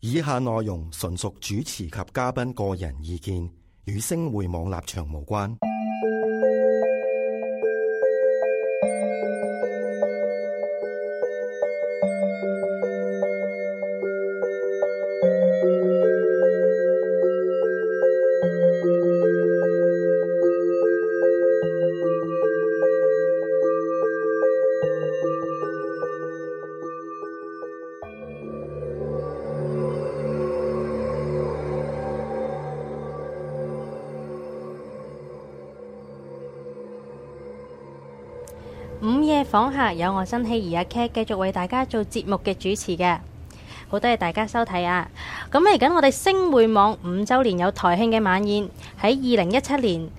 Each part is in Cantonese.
以下內容純屬主持及嘉賓個人意見，與星匯網立場無關。訪客有我新希兒阿、啊、Cat 繼續為大家做節目嘅主持嘅，好多謝大家收睇啊！咁嚟緊我哋星匯網五周年有台慶嘅晚宴，喺二零一七年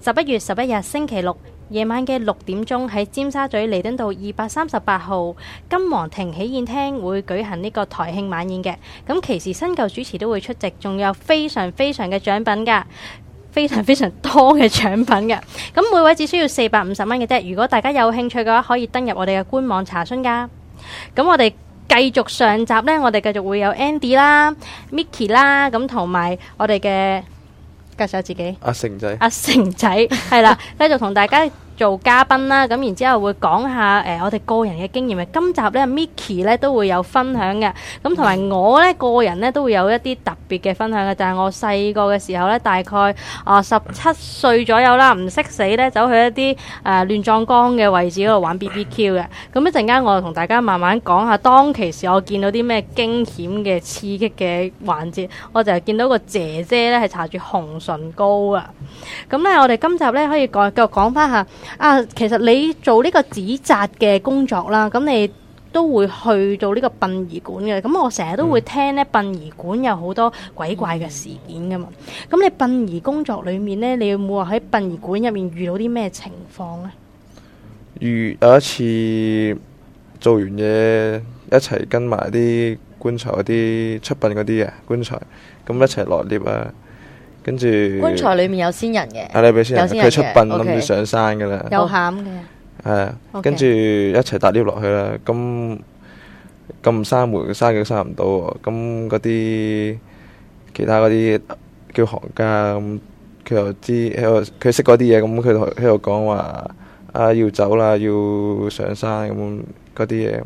十一月十一日星期六夜晚嘅六點鐘，喺尖沙咀彌敦道二百三十八號金皇庭喜宴廳會舉行呢個台慶晚宴嘅。咁其時新舊主持都會出席，仲有非常非常嘅獎品噶。非常非常多嘅獎品嘅，咁每位只需要四百五十蚊嘅啫。如果大家有興趣嘅話，可以登入我哋嘅官網查詢噶。咁我哋繼續上集呢，我哋繼續會有 Andy 啦、Miki 啦，咁同埋我哋嘅，介紹下自己。阿成，阿成仔。阿成仔，係啦，繼續同大家做嘉賓啦，咁然之後會講下誒我哋個人嘅經驗啊。今集咧 Miki 咧都會有分享嘅，咁同埋我咧個人咧都會有一啲特別嘅分享嘅。就係我細個嘅時候咧，大概啊十七歲左右啦，唔識死咧，走去一啲誒亂葬崗嘅位置嗰度玩 BBQ 嘅。咁一陣間我就同大家慢慢講下當其時我見到啲咩驚險嘅刺激嘅環節。我就係見到個姐姐咧係搽住紅唇膏啊。咁咧我哋今集咧可以講繼續講翻下。啊，其實你做呢個紙紮嘅工作啦，咁你都會去到呢個殯儀館嘅。咁我成日都會聽呢、嗯、殯儀館有好多鬼怪嘅事件㗎嘛。咁你殯儀工作裏面呢，你有冇話喺殯儀館入面遇到啲咩情況呢？遇有一次做完嘢，一齊跟埋啲棺材嗰啲出殯嗰啲嘅棺材，咁一齊落 𨋢 啊！跟住棺材裏面有先人嘅，佢、啊、出殯諗住上山噶啦，有喊嘅。係、嗯，Okay. 跟住一齊搭 lift 落去啦。咁咁閂門閂佢閂唔到，咁嗰啲其他嗰啲叫行家，佢又知喺度，佢識嗰啲嘢，咁佢喺度講話啊，要走啦，要上山咁嗰啲嘢，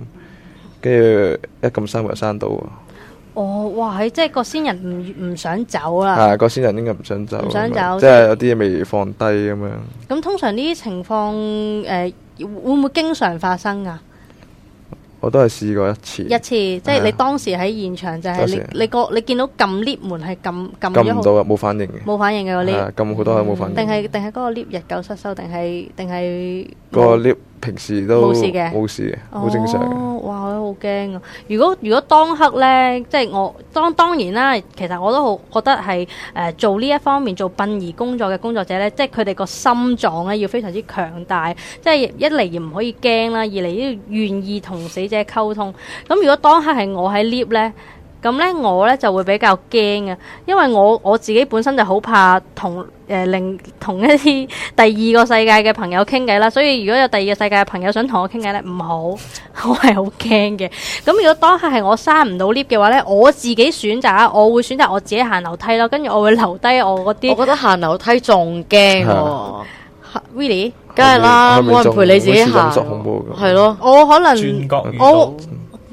跟住一咁閂門閂到。哦，哇！即係個先人唔唔想走啦，係個先人應該唔想走，唔想走，即係有啲嘢未放低咁樣。咁通常呢啲情況，誒，會唔會經常發生啊？我都係試過一次，一次即係你當時喺現場就係你你個你見到撳 lift 門係撳撳唔到啊，冇反應嘅，冇反應嘅 lift，撳好多都冇反應，定係定係嗰個 lift 日久失修，定係定係個 lift。平時都冇事嘅，冇事嘅，好正常。哇，我都好驚啊！如果如果當刻呢，即係我當當然啦，其實我都好覺得係誒、呃、做呢一方面做殯儀工作嘅工作者呢，即係佢哋個心臟咧要非常之強大，即係一嚟而唔可以驚啦，二嚟都要願意同死者溝通。咁如果當刻係我喺 lift 咧？咁咧，我咧就會比較驚啊，因為我我自己本身就好怕同誒令同一啲第二個世界嘅朋友傾偈啦，所以如果有第二個世界嘅朋友想同我傾偈咧，唔好，我係好驚嘅。咁如果當下係我閂唔到 lift 嘅話咧，我自己選擇，我會選擇我自己行樓梯咯，跟住我會留低我嗰啲。我覺得行樓梯仲驚喎，Willie，梗係啦，冇人陪你自己行，係咯，我可能轉角遇。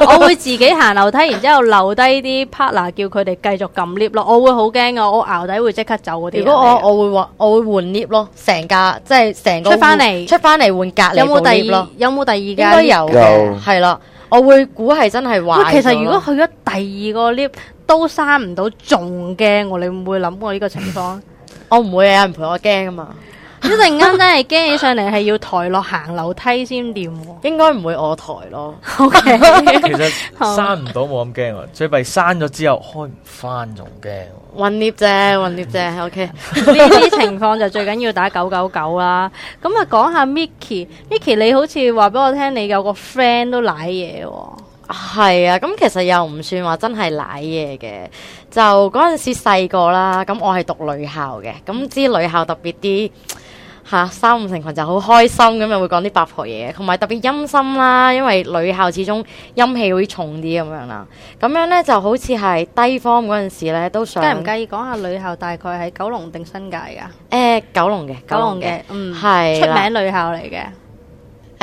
我會自己行樓梯，然之後留低啲 partner 叫佢哋繼續撳 lift 咯。我會好驚嘅，我熬底會即刻走嗰啲。如果我我會換，我會換 lift 咯，成架即係成個出翻嚟，出翻嚟換隔離。有冇第二？有冇第二間？應該有嘅，係啦有。我會估係真係壞。其實如果去咗第二個 lift 都閂唔到，仲驚喎？你會唔會諗過呢個情況？ 我唔會有人陪我驚啊嘛。一陣間真係驚起上嚟，係要抬落行樓梯先掂喎。應該唔會我抬咯。O Okay ? K， 其實閂唔到冇咁驚啊， 最弊閂咗之後開唔翻仲驚。混捏啫，混捏啫。O K，呢啲情況就最緊要打九九九啦。咁啊，講下 Micky，Micky 你好似話俾我聽，你有個 friend 都舐嘢喎。係啊，咁、啊、其實又唔算話真係舐嘢嘅，就嗰陣時細個啦。咁我係讀女校嘅，咁知女校特別啲。吓、啊、三五成群就好開心咁，又會講啲八婆嘢，同埋特別陰森啦，因為女校始終陰氣會重啲咁樣啦。咁樣呢就好似係低 form 嗰陣時呢，都想。介唔介意講下女校大概喺九龍定新界㗎？誒、呃，九龍嘅，九龍嘅，龍嗯，係啦出名女校嚟嘅。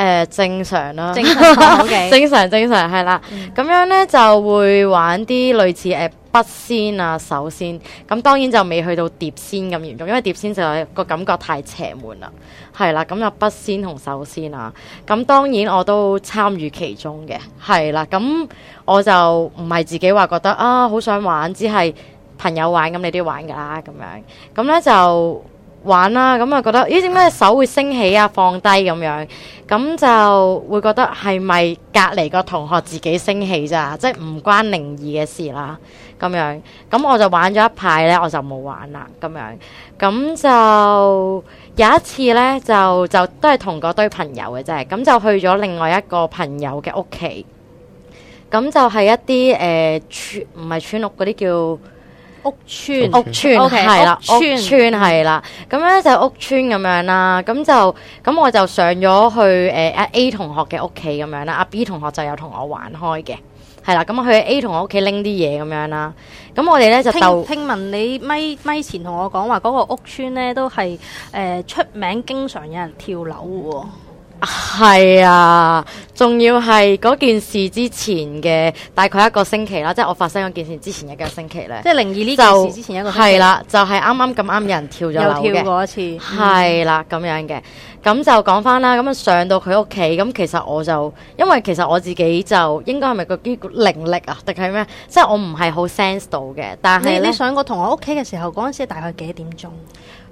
誒、呃，正常啦、啊，正常， 正常，正常，正常係啦。咁、嗯、樣呢就會玩啲類似誒筆仙啊、手仙，咁當然就未去到碟仙咁嚴重，因為碟仙就個感覺太邪門啦。係啦，咁就筆仙同手仙啊。咁當然我都參與其中嘅，係啦。咁我就唔係自己話覺得啊好想玩，只係朋友玩，咁你都要玩噶啦。咁樣，咁呢就。玩啦、啊，咁啊覺得咦點解手會升起啊放低，咁樣，咁就會覺得係咪隔籬個同學自己升起咋，即係唔關靈異嘅事啦咁樣。咁我就玩咗一排咧，我就冇玩啦咁樣。咁就有一次咧，就就都係同嗰堆朋友嘅啫，咁就去咗另外一個朋友嘅屋企。咁就係一啲誒、呃、村唔係村屋嗰啲叫。屋村屋村係啦，屋村係啦，咁咧就屋村咁樣啦，咁就咁我就上咗去誒、呃、，A 同學嘅屋企咁樣啦，阿、啊、B 同學就有同我玩開嘅，係啦，咁我去 A 同學屋企拎啲嘢咁樣啦，咁我哋咧就聽聽聞你咪咪前同我講話嗰個屋村咧都係誒、呃、出名，經常有人跳樓嘅、哦。係啊，仲要係嗰件事之前嘅大概一個星期啦，即係我發生嗰件，件事之前一個星期咧，即係靈異呢件事之前一個係啦，就係啱啱咁啱有人跳咗樓嘅，又跳過一次，係啦咁樣嘅。咁就講翻啦，咁啊上到佢屋企，咁其實我就因為其實我自己就應該係咪個啲靈力啊，定係咩？即係我唔係好 sense 到嘅。但係你，你上過同學屋企嘅時候，嗰陣時大概幾多點鐘？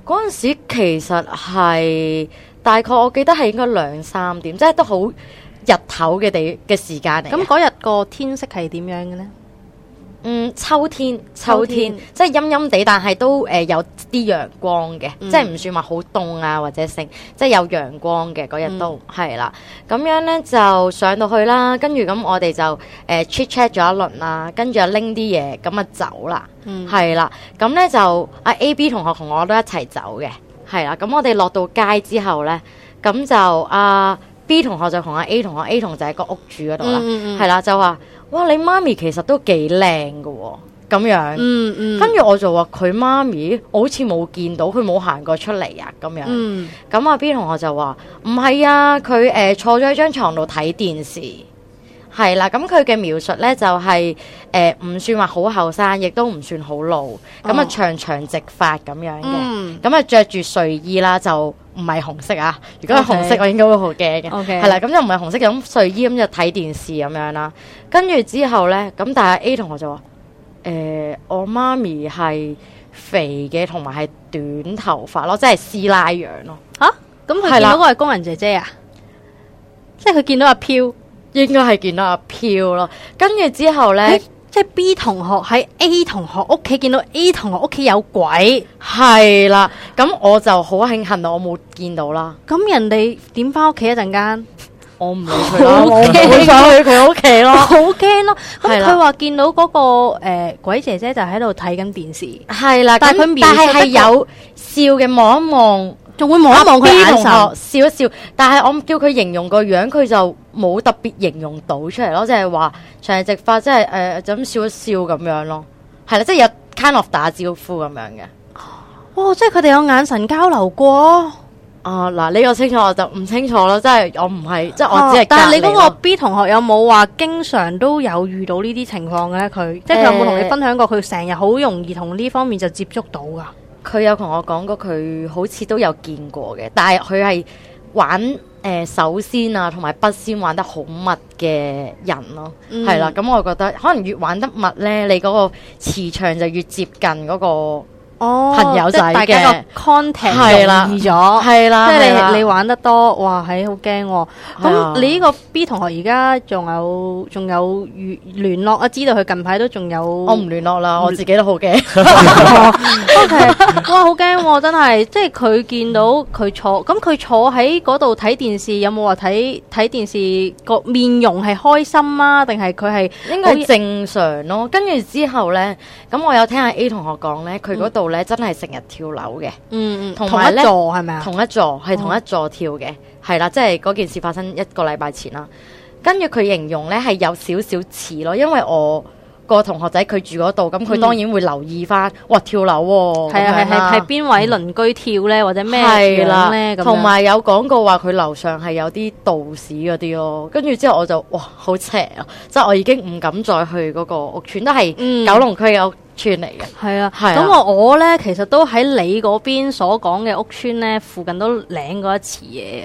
嗰陣時其實係。大概我記得係應該兩三點，即係都好日頭嘅地嘅時間嚟。咁嗰日個天色係點樣嘅咧？嗯，秋天，秋天，即係陰陰地，但係都誒有啲陽光嘅、嗯啊，即係唔算話好凍啊或者剩，即係有陽光嘅嗰日都係啦。咁樣咧就上到去啦，跟住咁我哋就誒 check check 咗一輪啦，跟住就拎啲嘢，咁啊走、嗯、啦，係啦。咁咧就阿 A B 同學同我都一齊走嘅。係啦，咁我哋落到街之後呢，咁就阿、啊、B 同學就同阿 A 同學，A 同學就喺個屋住嗰度啦，係啦、mm hmm. 就話，哇，你媽咪其實都幾靚㗎喎，咁樣，跟住、mm hmm. 我就話佢媽咪，我好似冇見到佢，冇行過出嚟呀，咁樣，咁阿、mm hmm. B 同學就話唔係啊，佢誒、呃、坐咗喺張床度睇電視。係啦，咁佢嘅描述咧就係、是、誒，唔、呃、算話好後生，亦都唔算好老，咁啊長長直髮咁樣嘅，咁啊、嗯、着住睡衣啦，就唔係紅色啊，如果係紅色我應該會好驚嘅，係啦，咁就唔係紅色，就咁睡衣咁就睇電視咁樣啦、啊，跟住之後咧，咁但係 A 同學就話，誒、欸，我媽咪係肥嘅，同埋係短頭髮咯，即係師奶樣咯，吓、啊，咁佢見到嗰位工人姐姐啊，的即係佢見到阿飄。應該係見到阿飄咯，跟住之後咧，咦即係 B 同學喺 A 同學屋企見到 A 同學屋企有鬼，係啦。咁我就好慶幸我冇見到啦。咁、嗯、人哋點返屋企一陣間？會我唔理佢啦，怕我唔想去佢屋企咯，好驚咯。咁佢話見到嗰、那個誒、呃、鬼姐姐就喺度睇緊電視，係啦。但係佢但係係有笑嘅望一望。仲會望一望佢眼神，同學笑一笑。但係我叫佢形容個樣，佢就冇特別形容到出嚟咯。即係話長直髮，即係誒就咁、是呃、笑一笑咁樣咯。係啦，即、就、係、是、有 kind of 打招呼咁樣嘅。哦，即係佢哋有眼神交流過。哦、啊，嗱你個清楚，我就唔清楚咯。即係我唔係，啊、即係我只係。但係你嗰個 B 同學有冇話經常都有遇到呢啲情況咧？佢即係佢有冇同你分享過？佢成日好容易同呢方面就接觸到噶。佢有同我講過，佢好似都有見過嘅，但係佢係玩誒、呃、手先啊，同埋筆仙玩得好密嘅人咯，係、嗯、啦。咁、嗯、我覺得可能越玩得密呢，你嗰個磁場就越接近嗰、那個。朋友仔嘅，哦，即係大家嘅 content 就易咗，係啦。即係你你玩得多，哇係好驚喎。咁你呢個 B 同學而家仲有仲有聯聯絡啊？知道佢近排都仲有，我唔聯絡啦，我自己都好驚。哇，好驚喎！真係，即係佢見到佢坐，咁佢坐喺嗰度睇電視，有冇話睇睇電視個面容係開心啊？定係佢係應該正常咯？跟住之後咧，咁我有聽阿 A 同學講咧，佢嗰度。咧真係成日跳樓嘅。嗯嗯，同埋同一座係咪啊？同一座係同，同，同一座跳嘅，係啦，嗯，即係嗰件事發生一個禮拜前啦。跟住佢形容咧係有少少似咯，因為我、個同學仔佢住嗰度，咁佢當然會留意翻，哇跳樓，啊，係係係邊位鄰居跳咧，或者咩跳咧咁樣。同埋有講過話佢樓上係有啲道士嗰啲咯，跟住之後我就哇，好邪啊！即係我已經唔敢再去嗰、個屋邨，都係九龍區有村嚟嘅，係啊，咁我我咧，其實都喺你嗰邊所講嘅屋村咧，附近都領過一次嘢。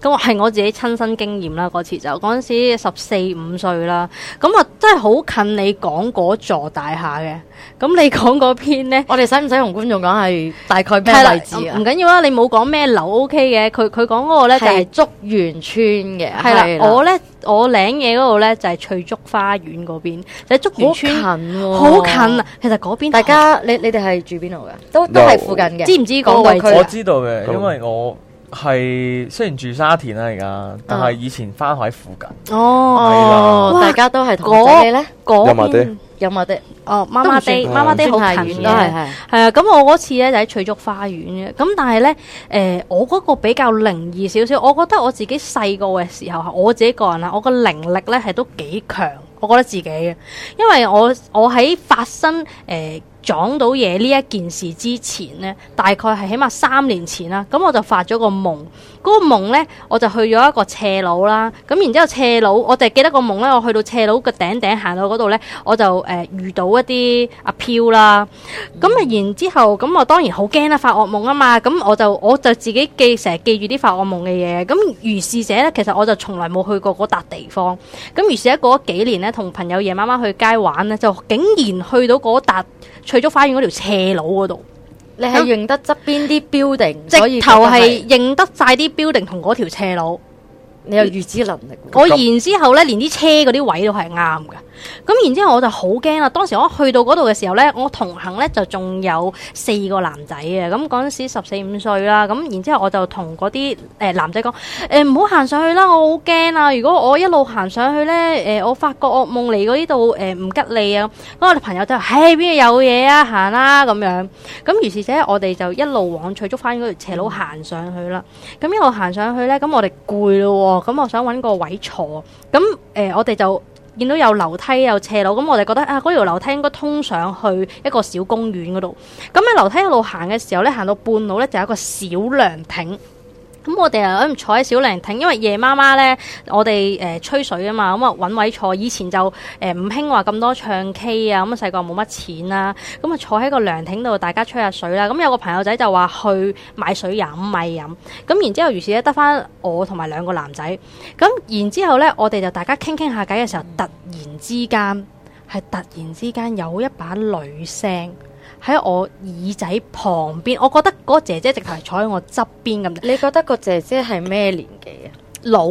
咁我係我自己親身經驗啦，嗰次就嗰陣時十四五歲啦，咁啊真係好近你講嗰座大廈嘅。咁你講嗰篇咧？我哋使唔使同觀眾講係大概咩位置啊？唔緊要啦，你冇講咩樓 OK 嘅，佢佢講嗰個咧是就係竹園村嘅。係啦的的，我咧我領嘢嗰度咧就係翠竹花園嗰邊，就係竹園村。好近，好、啊、近啊！其實嗰邊大家，你你哋係住邊度嘅？都都係附近嘅，樓知唔知嗰個位置？我知道嘅，因為我。係雖然住沙田啦而家，但係以前翻喺附近。哦啦，大家都係同仔你有嗰爹，有埋爹。哦，孖孖的，孖孖、嗯、的好近都係係啊。咁是、嗯、我嗰次咧就喺翠竹花園嘅，咁、嗯、但係咧誒，我嗰個比較靈異少少。我覺得我自己細個嘅時候我自己個人啊，我嘅靈力咧係都幾強。我覺得自己嘅，因為我我喺發生誒。呃嗯撞到嘢呢一件事之前呢，大概係起碼三年前啦。咁我就發咗個夢，嗰、那個夢咧，我就去咗一個斜路啦。咁然之後斜路，我就記得個夢呢。我去到斜路嘅頂頂行到嗰度呢，我就誒、呃、遇到一啲阿飄啦。咁啊，然之後咁我當然好驚啦，發噩夢啊嘛。咁我就我就自己記成日記住啲發噩夢嘅嘢。咁如是者呢，其實我就從來冇去過嗰笪地方。咁於是咧過咗幾年呢，同朋友夜媽媽去街玩呢，就竟然去到嗰笪。除咗花園嗰條斜路嗰度，你係認得側邊啲 building，直頭係認得晒啲 building 同嗰條斜路，你有預知能力。我、嗯、然之後咧，連啲車嗰啲位都係啱㗎。咁然之後我就好驚啦，當時我去到嗰度嘅時候咧，我同行咧就仲有四個男仔嘅，咁嗰陣時十四五歲啦。咁然之後我就同嗰啲誒男仔講，誒唔好行上去啦，我好驚啊！如果我一路行上去咧，誒、呃、我發覺惡夢嚟嗰呢度誒唔吉利啊！咁我哋朋友就話，嘿，邊度有嘢啊，行啦咁樣。咁於是者我哋就一路往翠竹翻嗰條斜路行上去啦。咁一路行上去咧，咁我哋攰咯，咁我想搵個位坐。咁誒、呃、我哋就。見到有樓梯有斜路，咁我哋覺得啊，嗰條樓梯應該通上去一個小公園嗰度。咁喺樓梯一路行嘅時候咧，行到半路咧，就有一個小涼亭。咁、嗯、我哋啊、嗯、坐喺小涼亭，因為夜媽媽咧，我哋誒、呃、吹水啊嘛，咁啊揾位坐。以前就誒唔興話咁多唱 K、嗯、啊，咁啊細個冇乜錢啦，咁啊坐喺個涼亭度大家吹下水啦。咁、嗯、有個朋友仔就話去買水飲，咪飲。咁、嗯、然之後如，於是咧得翻我同埋兩個男仔。咁、嗯、然之後咧，我哋就大家傾傾下偈嘅時候，突然之間係突然之間有一把女聲，喺我耳仔旁邊，我覺得嗰個姐姐直頭係坐喺我側邊咁。你覺得個姐姐係咩年紀啊？老，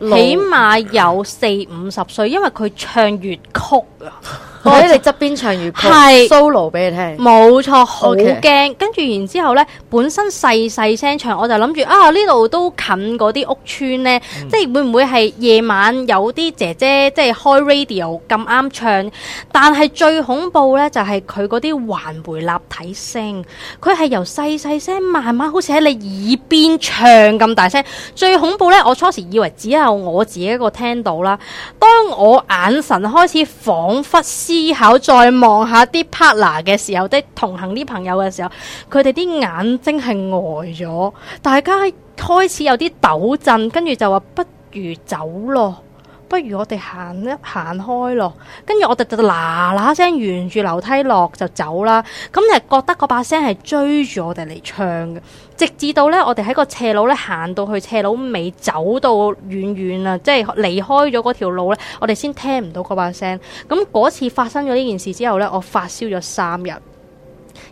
老起碼有四五十歲，因為佢唱粵曲啊。 我喺你側邊唱粵曲是 solo 俾你聽，冇錯，好驚。跟住然之後咧，本身細細聲唱，我就諗住啊，呢度都近啲屋邨咧，嗯，即係會唔會係夜晚有啲姐姐即係開 radio 咁啱唱？但係最恐怖咧，就係佢啲環迴立體聲，佢係由細細聲慢慢好似喺你耳邊唱咁大聲。最恐怖咧，我初時以為只有我自己一個聽到啦。當我眼神開始仿佛。思考再望下啲 partner 嘅時候，啲同行啲朋友嘅時候，佢哋啲眼睛係呆咗，大家開始有啲抖震，跟住就話不如走咯。不如我哋行一行開咯，跟住我哋就嗱嗱聲沿住樓梯落就走啦。咁就覺得嗰把聲係追住我哋嚟唱嘅，直至到呢，我哋喺個斜路咧行到去斜路尾，走到遠遠啦，即係離開咗嗰條路咧，我哋先聽唔到嗰把聲。咁嗰次發生咗呢件事之後呢，我發燒咗三日。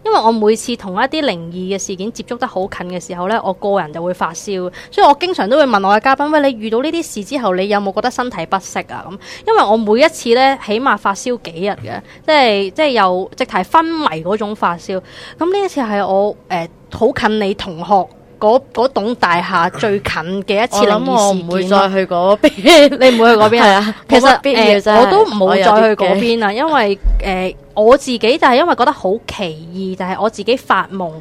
因為我每次同一啲靈異嘅事件接觸得好近嘅時候呢，我個人就會發燒，所以我經常都會問我嘅嘉賓：喂，你遇到呢啲事之後，你有冇覺得身體不適啊？咁，因為我每一次呢，起碼發燒幾日嘅，即係即係又直係昏迷嗰種發燒。咁呢一次係我誒好、呃、近你同學。嗰棟大廈最近嘅一次靈異事件，我唔會再去嗰邊。 你唔會去嗰邊啊？ 對其實我都唔會再去嗰邊啦，因為誒、呃、我自己就係因為覺得好奇異，就係、是、我自己發夢誒、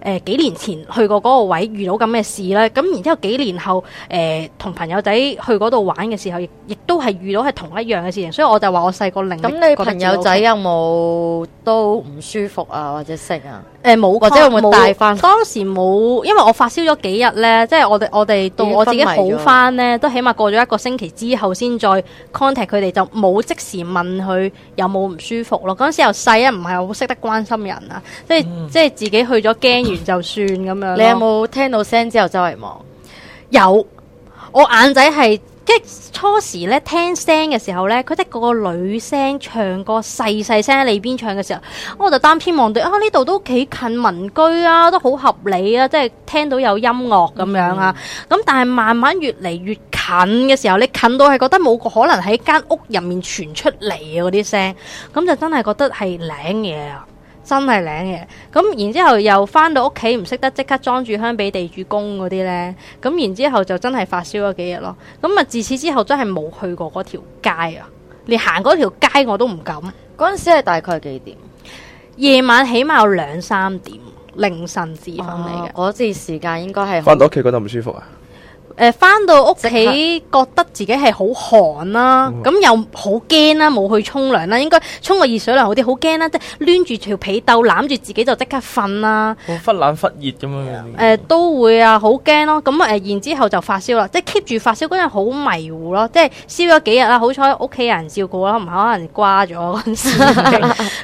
呃、幾年前去過嗰個位遇到咁嘅事啦。咁然之後幾年後誒同、呃、朋友仔去嗰度玩嘅時候，亦亦都係遇到係同一樣嘅事情，所以我就話我細個零。咁你朋友仔有冇都唔舒服啊，或者識啊？誒冇，誒或者會冇。有當時冇，因為我發燒咗幾日咧，即係我哋我哋到我自己好翻咧，都起碼過咗一個星期之後先再 contact 佢哋，就冇即時問佢有冇唔舒服咯。嗰陣時又細啊，又唔係好識得關心人啊，即係、嗯、即係自己去咗驚完就算咁 樣。你有冇聽到聲之後周圍望？ 有，我眼仔係。即初時咧聽聲嘅時候咧，佢得個個女聲唱歌細細聲喺你邊唱嘅時候，我就擔天望地啊呢度都幾近民居啊，都好合理啊，即係聽到有音樂咁樣啊。咁但係慢慢越嚟越近嘅時候，你近到係覺得冇個可能喺間屋入面傳出嚟嘅嗰啲聲，咁就真係覺得係靚嘢啊！真係靚嘅，咁然之後又翻到屋企唔識得即刻裝住香俾地主公嗰啲呢。咁然之後就真係發燒咗幾日咯。咁啊自此之後真係冇去過嗰條街啊，連行嗰條街我都唔敢。嗰陣時係大概幾點？夜晚起碼有兩三點，凌晨至翻嚟嘅嗰陣時間應該係翻到屋企覺得唔舒服啊。誒，翻到屋企刻覺得自己係好寒啦，咁、嗯、又好驚啦，冇去沖涼啦，應該沖個熱水涼好啲，好驚啦，即係攣住條被竇攬住自己就即刻瞓啦，好忽冷忽熱咁樣，誒、嗯呃、都會啊，好驚咯，咁誒、呃、然之後就發燒啦，即係 keep 住發燒嗰陣好迷糊咯，即係燒咗幾日啦，好彩屋企人照顧啦，唔係可能瓜咗嗰陣時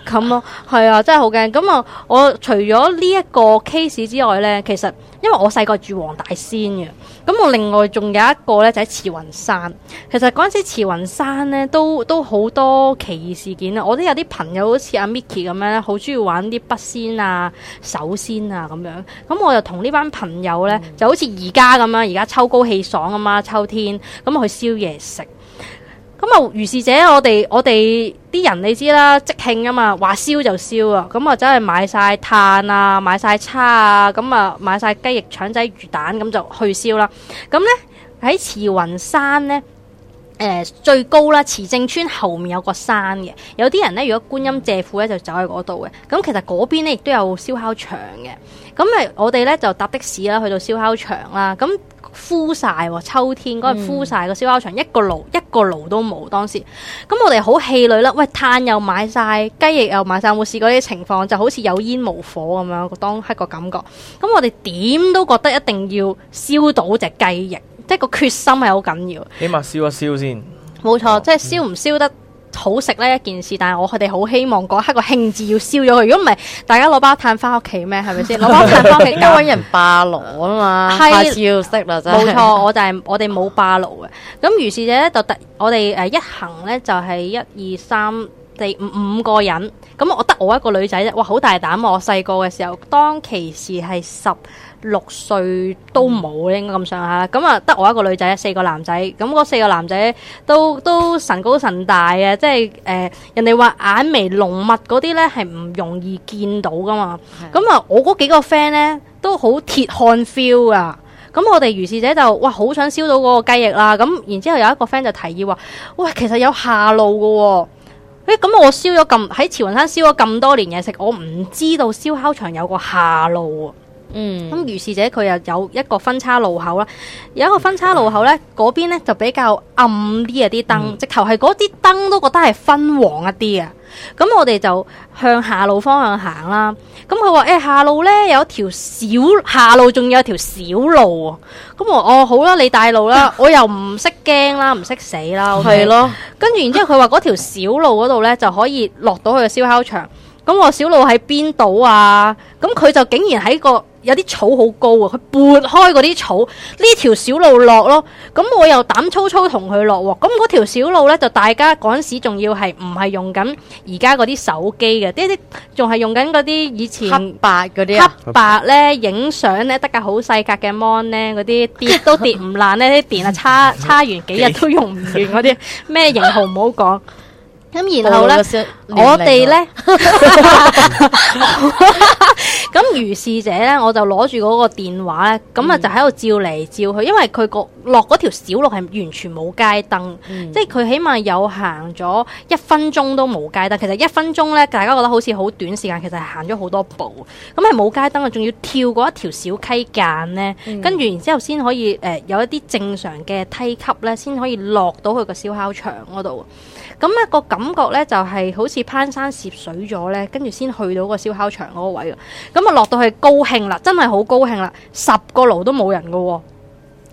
咁咯，係 啊，真係好驚，咁啊我除咗呢一個 case 之外咧，其實。因為我細個住黃大仙嘅，咁我另外仲有一個呢，就喺慈雲山。其實嗰陣時慈雲山呢，都都好多奇異事件啦。我都有啲朋友好似阿 Micky 咁樣，好中意玩啲筆仙啊、手仙啊咁樣。咁我就同呢班朋友呢，就好似而家咁樣，而家秋高氣爽啊嘛，秋天咁去燒嘢食。咁啊，如是者我哋我哋啲人你知啦，即興啊嘛，話燒就燒啊，咁啊走係買晒炭啊，買晒叉啊，咁啊買晒雞翼、腸仔、魚蛋，咁就去燒啦。咁呢，喺慈雲山呢，誒、呃、最高啦，慈正村後面有個山嘅，有啲人呢，如果觀音借庫呢，就走喺嗰度嘅。咁其實嗰邊咧亦都有燒烤場嘅。咁誒我哋呢，就搭的士啦去到燒烤場啦。咁枯晒，秋天嗰日枯晒個燒烤場，一個爐一個爐都冇。當時，咁我哋好氣餒啦。喂，炭又買晒，雞翼又買晒，有冇試過啲情況？就好似有煙無火咁樣，當刻個感覺。咁我哋點都覺得一定要燒到隻雞翼，即係個決心係好緊要。起碼燒一燒先錯。冇錯，即係燒唔燒得？好食呢一件事，但係我佢哋好希望嗰刻個興致要燒咗佢。如果唔係，大家攞包炭返屋企咩？係咪先攞包炭返屋企，應該搵人 霸爐啊嘛。是下次要識啦，真係。冇錯，我就係、是、我哋冇霸爐嘅。咁、啊、於是者咧就特我哋誒一行咧就係一二三四五五個人。咁我得我一個女仔啫，哇！好大膽啊！我細個嘅時候，當其時係十六歲都冇，應該咁上下啦。咁啊，得我一個女仔，四個男仔。咁嗰四個男仔都都神高神大嘅，即係誒、呃、人哋話眼眉濃密嗰啲呢係唔容易見到噶嘛。咁啊，我嗰幾個 friend 呢都好鐵漢 feel 啊。咁我哋如是者就哇，好想燒到嗰個雞翼啦。咁然之後有一個 friend 就提議話，哇，其實有下路噶。哦。誒、欸，咁我燒咗咁喺慈雲山燒咗咁多年嘢食，我唔知道燒烤場有個下路嗯，咁如是者佢又有一個分岔路口啦，有一個分岔路口邊呢，嗰邊呢就比較暗啲啊，啲燈、嗯、直頭係嗰啲燈都覺得係昏黃一啲啊。咁我哋就向下路方向行啦。咁佢話誒下路呢，有一條小下路，仲有一條小路啊。咁、嗯、我哦好啦，你帶路啦， 我又唔識驚啦，唔識死啦。係、okay? 咯， 跟住然之後佢話嗰條小路嗰度呢，就可以落到去燒烤場。咁、嗯、我小路喺邊度啊？咁、嗯、佢就竟然喺個。有啲草好高啊！佢撥開嗰啲草，呢條小路落咯。咁我又膽粗粗同佢落。咁嗰條小路咧，就大家嗰陣時仲要係唔係用緊而家嗰啲手機嘅？啲啲仲係用緊嗰啲以前黑白嗰啲黑白咧影相咧，得架好細格嘅 mon 咧，嗰啲跌都跌唔爛咧，啲電啊，叉叉完幾日都用唔完嗰啲咩型號唔好講。咁然後咧，我哋咧咁。如是者咧，我就攞住個電話咧，咁啊、嗯、就喺度照嚟照去，因為佢個落嗰條小路係完全冇街燈，嗯、即係佢起碼有行咗一分鐘都冇街燈，其實一分鐘咧，大家覺得好似好短時間，其實係行咗好多步。咁係冇街燈啊，仲要跳過一條小溪澗咧，跟住然之後先可以誒有一啲正常嘅梯級咧，先可以落到去個燒烤場嗰度。咁啊個感覺咧就係好似攀山涉水咗咧，跟住先去到個燒烤場嗰個位嘅。咁啊落。到去高興啦，真係好高興啦！十個爐都冇人噶、哦，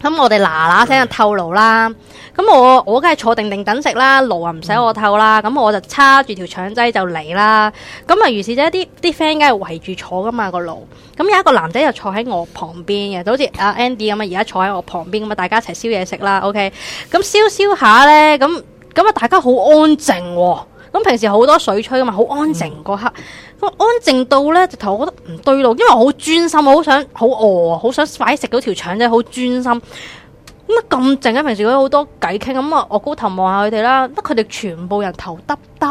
咁、嗯、我哋嗱嗱聲就透爐啦。咁、嗯、我我梗係坐定定等食啦，爐啊唔使我透啦。咁我就叉住條腸仔就嚟啦。咁啊，於是者啲啲 friend 梗係圍住坐噶嘛個爐。咁有一個男仔就坐喺我旁邊嘅，就好似阿 Andy 咁啊。而家坐喺我旁邊咁啊，大家一齊燒嘢食啦。OK，咁燒燒下咧，咁咁啊，大家好安靜、哦。咁平時好多水吹㗎嘛，好安靜嗰刻，咁、嗯、安靜到咧，直頭我覺得唔對路，因為我好專心，我好想，好餓，好想快食到條腸啫，好專心。乜咁靜啊？平時嗰啲好多偈傾，咁啊，我高頭望下佢哋啦，得佢哋全部人頭耷耷，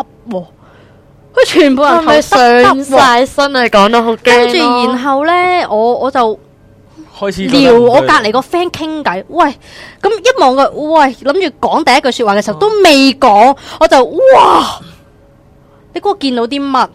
佢全部人頭耷耷晒身啊，講得好驚。跟住然後咧，我我就開始撩我隔籬個 friend 傾偈，喂，咁一望佢，喂，諗住講第一句說話嘅時候都未講，我就哇！你估我見到啲乜？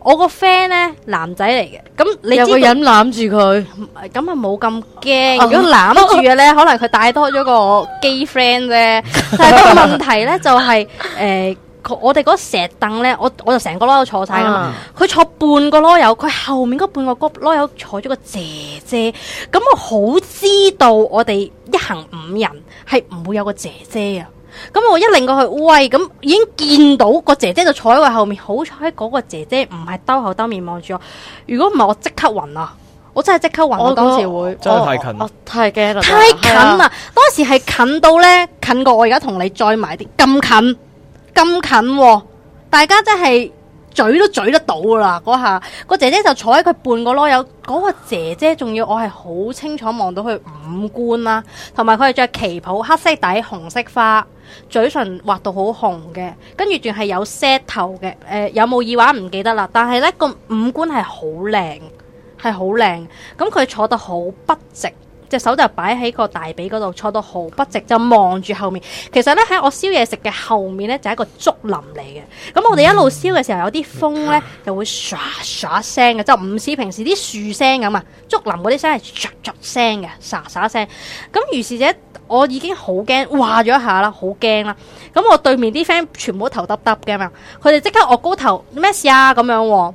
我個 friend 咧，男仔嚟嘅，咁你有個人攬住佢，咁、嗯、啊冇咁驚。如果攬住嘅咧，啊、可能佢帶多咗個 gay friend 啫。 但係個問題咧就係、是，誒、呃，我哋嗰石凳咧，我我就成個籮柚坐晒噶嘛。佢、嗯、坐半個籮柚，佢後面嗰半個籮柚坐咗個姐姐。咁我好知道我哋一行五人係唔會有個姐姐啊。咁、嗯、我一擰過去，喂，咁已經見到個姐姐就坐喺我後面。好彩嗰個姐姐唔係兜口兜面望住我，如果唔係我即刻暈啊！我真係即刻暈。我當時會真係太近，太驚，太近啊！當時係近到咧，近過我而家同你再埋啲咁近，咁近，大家真係嘴都嘴得到啦嗰下。個姐姐就坐喺佢半個囉柚，嗰個姐姐仲要我係好清楚望到佢五官啦，同埋佢係着旗袍，黑色底，紅色花。嘴唇畫到好紅嘅，跟住仲係有 set 頭嘅，誒、呃，有冇耳環唔記得啦。但係咧個五官係好靚，係好靚。咁、嗯、佢坐得好筆直。隻手就擺喺個大髀嗰度，坐到毫不直，就望住後面。其實咧喺我燒嘢食嘅後面咧，就係一個竹林嚟嘅。咁我哋一路燒嘅時候，有啲風咧就會刷刷聲嘅，就唔似平時啲樹聲咁啊。竹林嗰啲聲係唰唰聲嘅，唰唰聲。咁於是者，我已經好驚，哇咗一下啦，好驚啦。咁我對面啲 friend 全部都頭耷耷嘅嘛，佢哋即刻我高頭咩事啊咁樣喎。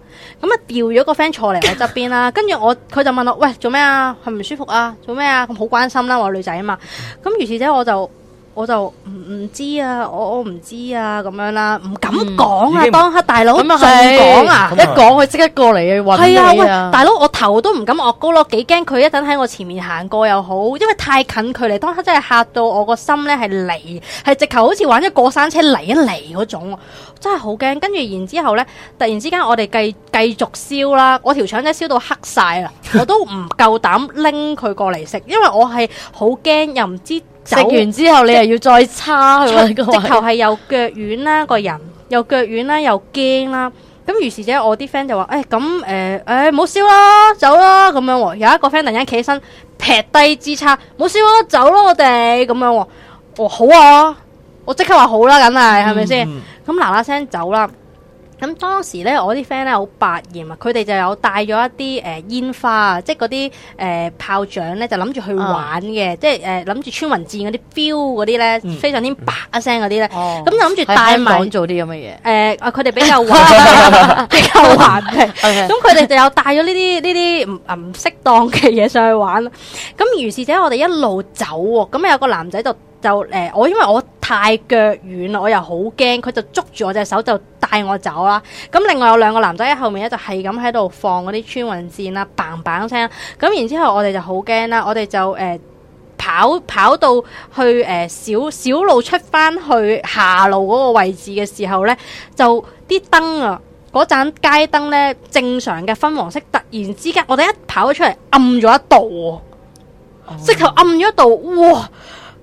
咁啊，調咗個 friend 坐嚟我側邊啦，跟住我佢就問我：喂，做咩啊？係唔舒服啊？做咩啊？咁好關心啦，我女仔啊嘛。咁如是者我就。我就唔唔知啊，我我唔知啊，咁樣啦，唔敢講啊。當黑大佬仲講啊，一講佢即刻過嚟運啊，啊。喂大佬我頭都唔敢惡高咯，幾驚佢一陣喺我前面行過又好，因為太近距離，當刻真係嚇到我個心咧係嚟，係直頭好似玩咗過山車嚟一嚟嗰種，真係好驚。跟住然之後咧，突然之間我哋繼繼續燒啦，我條腸仔燒到黑晒啦，我都唔夠膽拎佢過嚟食，因為我係好驚又唔知。食完之後直 你又要再叉， 直頭係又腳軟啦，個人又腳軟啦，又驚啦。咁如是者我啲 friend 就話，誒、欸，咁誒，誒、呃，冇、欸、燒啦，走啦，咁樣。有一個 friend 突然間企起身，劈低支叉，冇燒啦，走啦我，我哋咁樣。哦，好啊，我即刻話好啦，梗係係咪先？咁嗱嗱聲走啦。咁當時咧，我啲 friend 咧好百厭啊！佢哋就有帶咗一啲誒煙花啊，即係嗰啲誒炮仗咧，就諗住去玩嘅，嗯、即係誒諗住穿雲箭嗰啲飆嗰啲咧，嗯、非常之叭一聲嗰啲咧。咁、嗯、就諗住帶埋做啲咁嘅嘢。誒、呃，佢哋比較玩，比較玩咁佢哋就有帶咗呢啲呢啲唔唔適當嘅嘢上去玩。咁於是者，我哋一路走喎，咁有個男仔就。就誒，我、呃、因為我太腳軟我又好驚，佢就捉住我隻手就帶我走啦。咁另外有兩個男仔喺後面咧，就係咁喺度放嗰啲穿雲箭啦，bang bang，聲。咁然之後我哋就好驚啦，我哋就誒、呃、跑跑到去誒、呃、小小路出翻去，去下路嗰個位置嘅時候呢，就啲燈啊，嗰盞街燈呢，正常嘅昏黃色，突然之間我哋一跑咗出嚟暗咗一度，oh. 直頭暗咗一度。哇！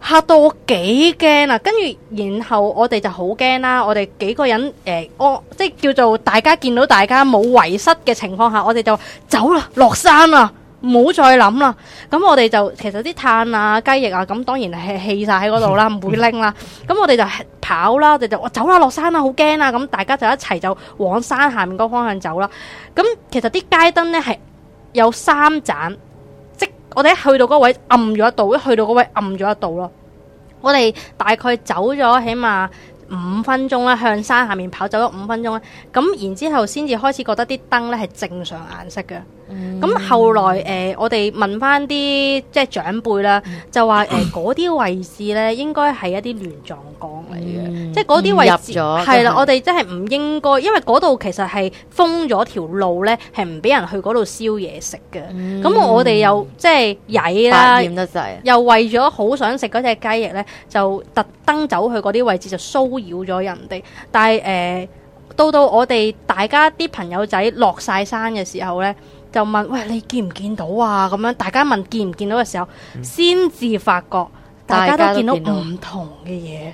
嚇到我幾驚啊！跟住，然後我哋就好驚啦。我哋幾個人誒，我、呃哦、即係叫做大家見到大家冇遺失嘅情況下，我哋就走啦，啊，落山啦，啊，唔好再諗啦。咁我哋就其實啲炭啊，雞翼啊，咁當然係棄晒喺嗰度啦，唔 會拎啦。咁我哋就跑啦，啊，我哋就走啦，啊，落山啦，啊，好驚啦。咁大家就一齊就往山下面嗰個方向走啦，啊。咁其實啲街燈呢係有三盞。我哋一去到嗰位暗咗一度，一去到嗰位暗咗一度咯。我哋大概走咗起碼五分鐘啦，向山下面跑走咗五分鐘啦。咁然之後先至開始覺得啲燈咧係正常顏色嘅。咁後來，誒，我哋問翻啲即係長輩啦，就話誒嗰啲位置咧，應該係一啲亂葬崗嚟嘅，即係嗰啲位置係啦。我哋真係唔應該，因為嗰度其實係封咗條路咧，係唔俾人去嗰度燒嘢食嘅。咁我哋又即係曳啦，又為咗好想食嗰隻雞翼咧，就特登走去嗰啲位置就騷擾咗人哋。但係誒，到到我哋大家啲朋友仔落晒山嘅時候咧，就問喂，你見唔見到啊？咁樣大家問，見唔見到嘅時候，先至、嗯、發覺大家都見到唔同嘅嘢，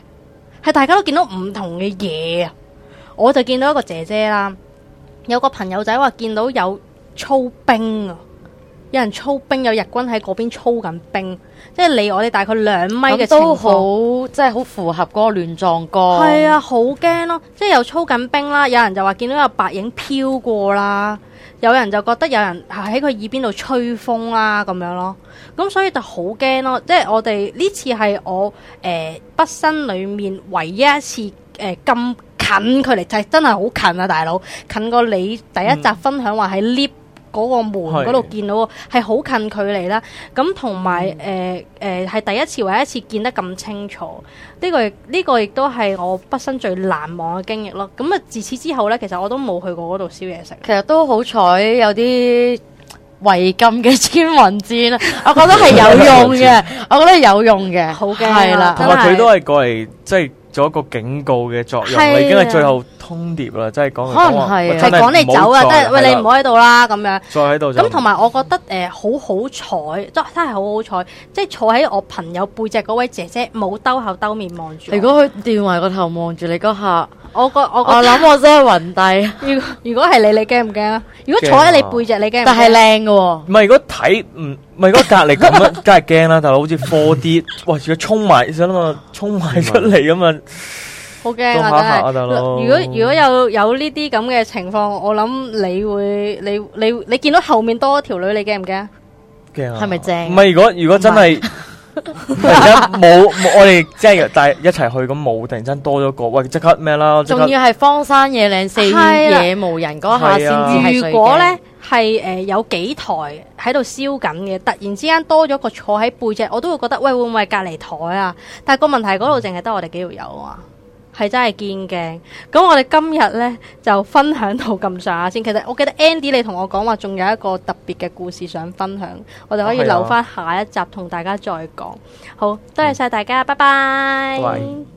係大家都見到唔同嘅嘢啊！我就見到一個姐姐啦，有個朋友仔話見到有操兵啊。有人操兵，有日軍喺嗰邊操緊兵，即係離我哋大概兩米嘅情況，都好即係好符合嗰個亂葬崗。係啊，好驚咯！即係又操緊兵啦，有人就話見到有白影飄過啦，有人就覺得有人喺佢耳邊度吹風啦咁樣咯。咁所以就好驚咯！即係我哋呢次係我誒畢生裡面唯一一次誒咁、呃、近距離就係真係好近啊！大佬近過你第一集分享話喺 lift。嗰個門嗰度見到，係好是的 近距離啦。咁同埋誒誒，係、呃呃、第一次唯一次見得咁清楚。呢、呢個呢、呢個亦都係我畢生最難忘嘅經歷咯。咁啊，自此之後呢，其實我都冇去過嗰度燒嘢食。其實都好彩有啲違禁嘅穿雲箭， 我覺得係有用嘅。 我覺得有用嘅。 用好驚害的，係啦的，同埋佢都係過嚟即係。做一個警告嘅作用，已經係最後通牒啦！即係講可能係，係講你走啊，即係喂，你唔好喺度啦咁樣。再喺度，咁同埋我覺得誒好好彩，真真係好好彩！即係坐喺我朋友背脊嗰位姐姐，冇兜口兜面望住。如果佢掉埋個頭望住你嗰下，我覺我我諗我真係暈低。如果如果係你，你驚唔驚啊？如果坐喺你背脊，你驚？但係靚㗎喎。唔係如果睇唔，唔係如果隔籬咁樣，梗係驚啦，大佬好似 four D，喂住佢衝埋上啦嘛，衝埋出嚟啊嘛～好驚啊！真係，如果如果有有呢啲咁嘅情況，我諗你會你你你見到後面多一條女，你驚唔驚？驚啊！係咪正？唔係，如果如果真係而家冇，我哋即係帶一齊去，咁冇突然間多咗個，喂，即刻咩啦？仲要係荒山野嶺、四野無人嗰下先至係。如果咧？係誒、呃，有幾台喺度燒緊嘅，突然之間多咗個坐喺背脊，我都會覺得喂，會唔會係隔籬台啊？但係個問題嗰度淨係得我哋幾條友啊，係真係堅嘅。咁我哋今日呢，就分享到咁上下先。其實我記得 Andy 你同我講話，仲有一個特別嘅故事想分享，我哋可以留翻下一集同大家再講。好，多謝晒大家，拜拜。